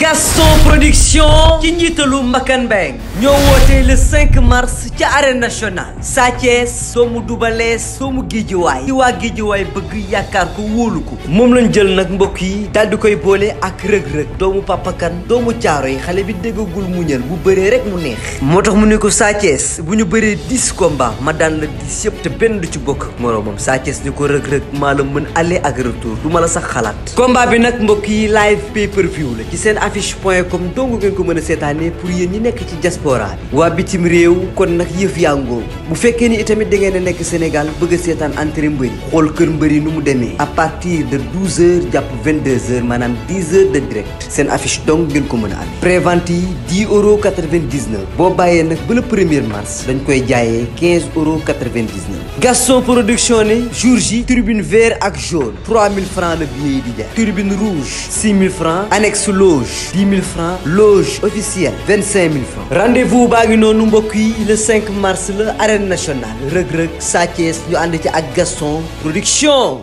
Gaston production ci njiitalu Mbakan Mbeng ñoo wootee le 5 mars ci arène nationale Sa Thiès doomu Double Less doomu Guédiawaye ci waa Guédiawaye bëgg yaakaar ko wóolu ko moom lañ jël nag mbokk yi daal di koy boole ak rëg-rëg doomu papakan doomu caaro yi xale bi déggagul mu muñal bu bëree rek mu neex moo tax mu ne ko Sa bu ñu bëree 10 combats ma daan la 10 yëpp te benn du ci bokk moroomam Sa Thiès ni ko rëg-rëg maa la mën aller ak retour du ma la sax xalaat affiche point com dong ngeen ko mën a seetaanee pour yéen ñi nekk ci diaspora bi waa bitim réew kon nag yëf yàngoo bu fekkee ni itamit da ngeen a nekk Sénégal bëgg a seetaan entrée mbëri xool kër mbëri nu mu demee à partir de 12 heures jàpp 22 heures maanaam 10 heures de direct seen affiche dong ngeen ko mën a am prévent yi 10 euros 99 boo bàyyee nag ba le premier mars dañ koy jaayee 15 euros 99 Gaston production ne jour ji tribune vert ak jaune 3000 francs la billet yi di jaay tribune rouge 6000 francs annexe loge douche 10 000 francs loge officielle 25 000 francs rendez ngi noonu mbokk yi le 5 mars la arène nationale rëg-rëg Sa Thiès ñu ci ak Gaston production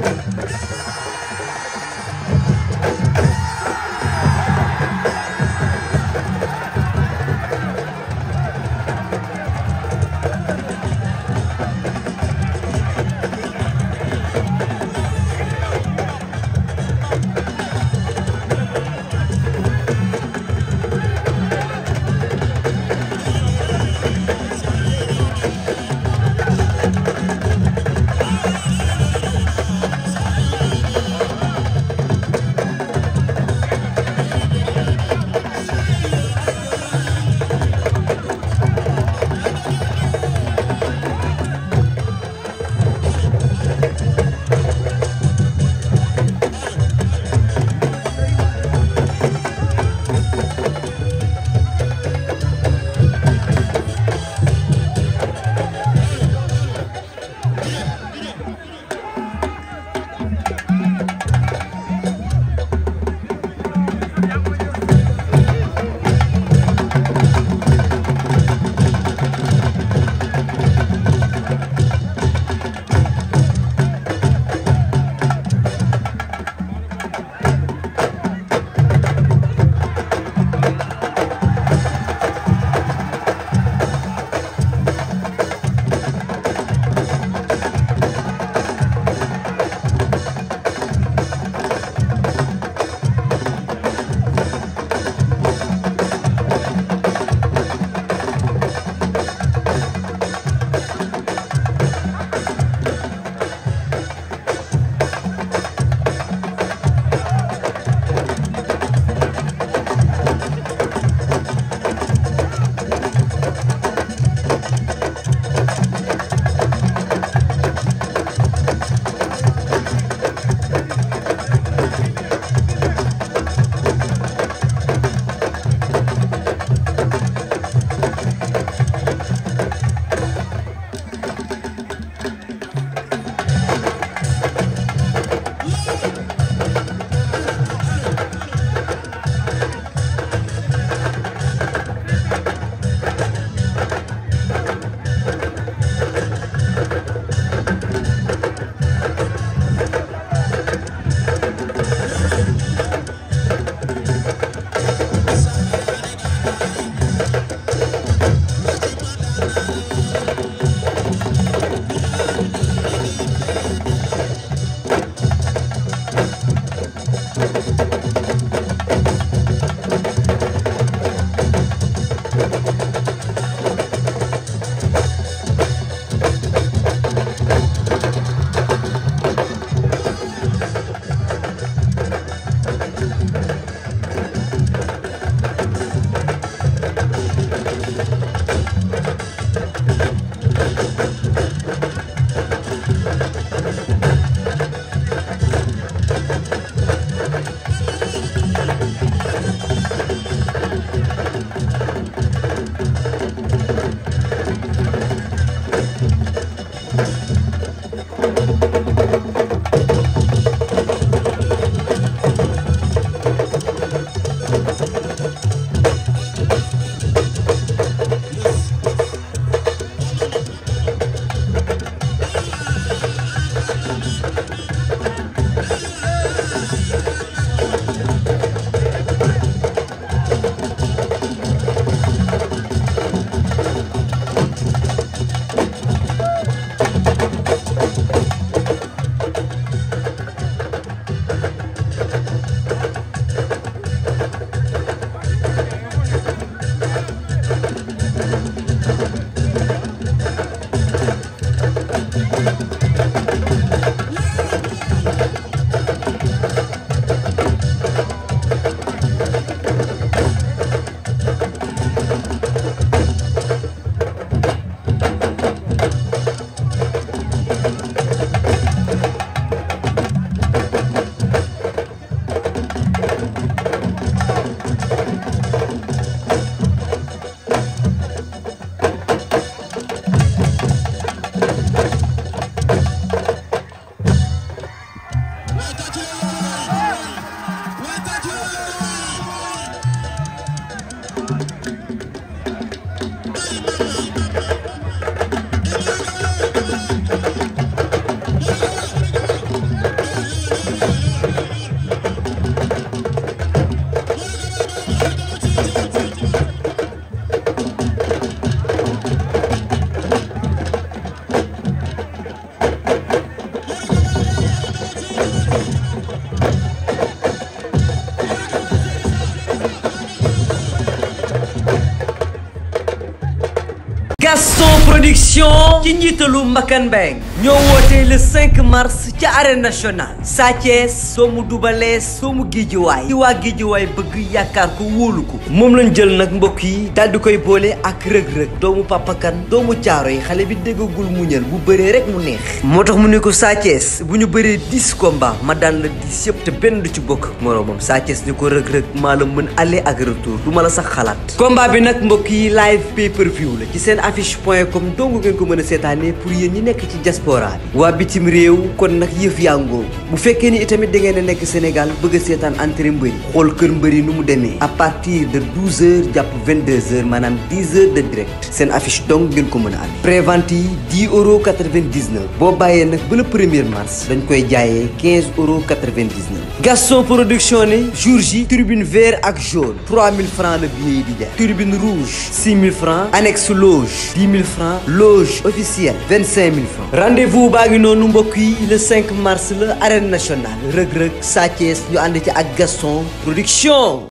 Gaston Production ci njiitalu Mbakan Beng ñoo wootee le 5 mars ca arène nationale Sa Thiès soo mu dubalee soo mu géejiwaay ci waa géejiwaay bëgg yaakaar ko wóolu ko moom lañ jël nag mbokk yi daal di koy boole ak rëg-rëg doomu papakan doomu caaro yi xale bi déggagul muñal bu bëree rek mu neex moo tax mu ne ko Sa Thiès bu ñu bëree 10 combats ma daan la 10 yëpp te benn du ci bokk moroomam Sa Thiès ni ko rëg-rëg maa la mën aller ak retour du ma la sax xalaat combat bi nag mbokk yi live pay view la ci seen affiche point com dong a seetaanee pour yéen ñi nekk ci diaspora diaspora bi waa bitim réew kon nag yëf yàngoo bu fekkee ni itamit da ngeen nekk Sénégal bëgg a seetaan entrée mbëri xool kër mbëri nu mu demee à partir de 12 heures jàpp 22 heures maanaam 10 heures de direct seen affiche donc ngeen ko mën a am prévente yi 10 euros 99 boo bàyyee nag ba le mars dañ koy jaayee 15 euros 99 Gaston production ne jour ji tribune vert ak jaune 3000 francs la billet yi di jaay tribune rouge 6000 francs annexe loge 10 000 francs loge officielle 25 000 francs rendez-vous baa ngi noonu mbokk yi le 5 mars la arène nationale Reug Reug Sa Thiès ñu ànd ci ak Gaston Production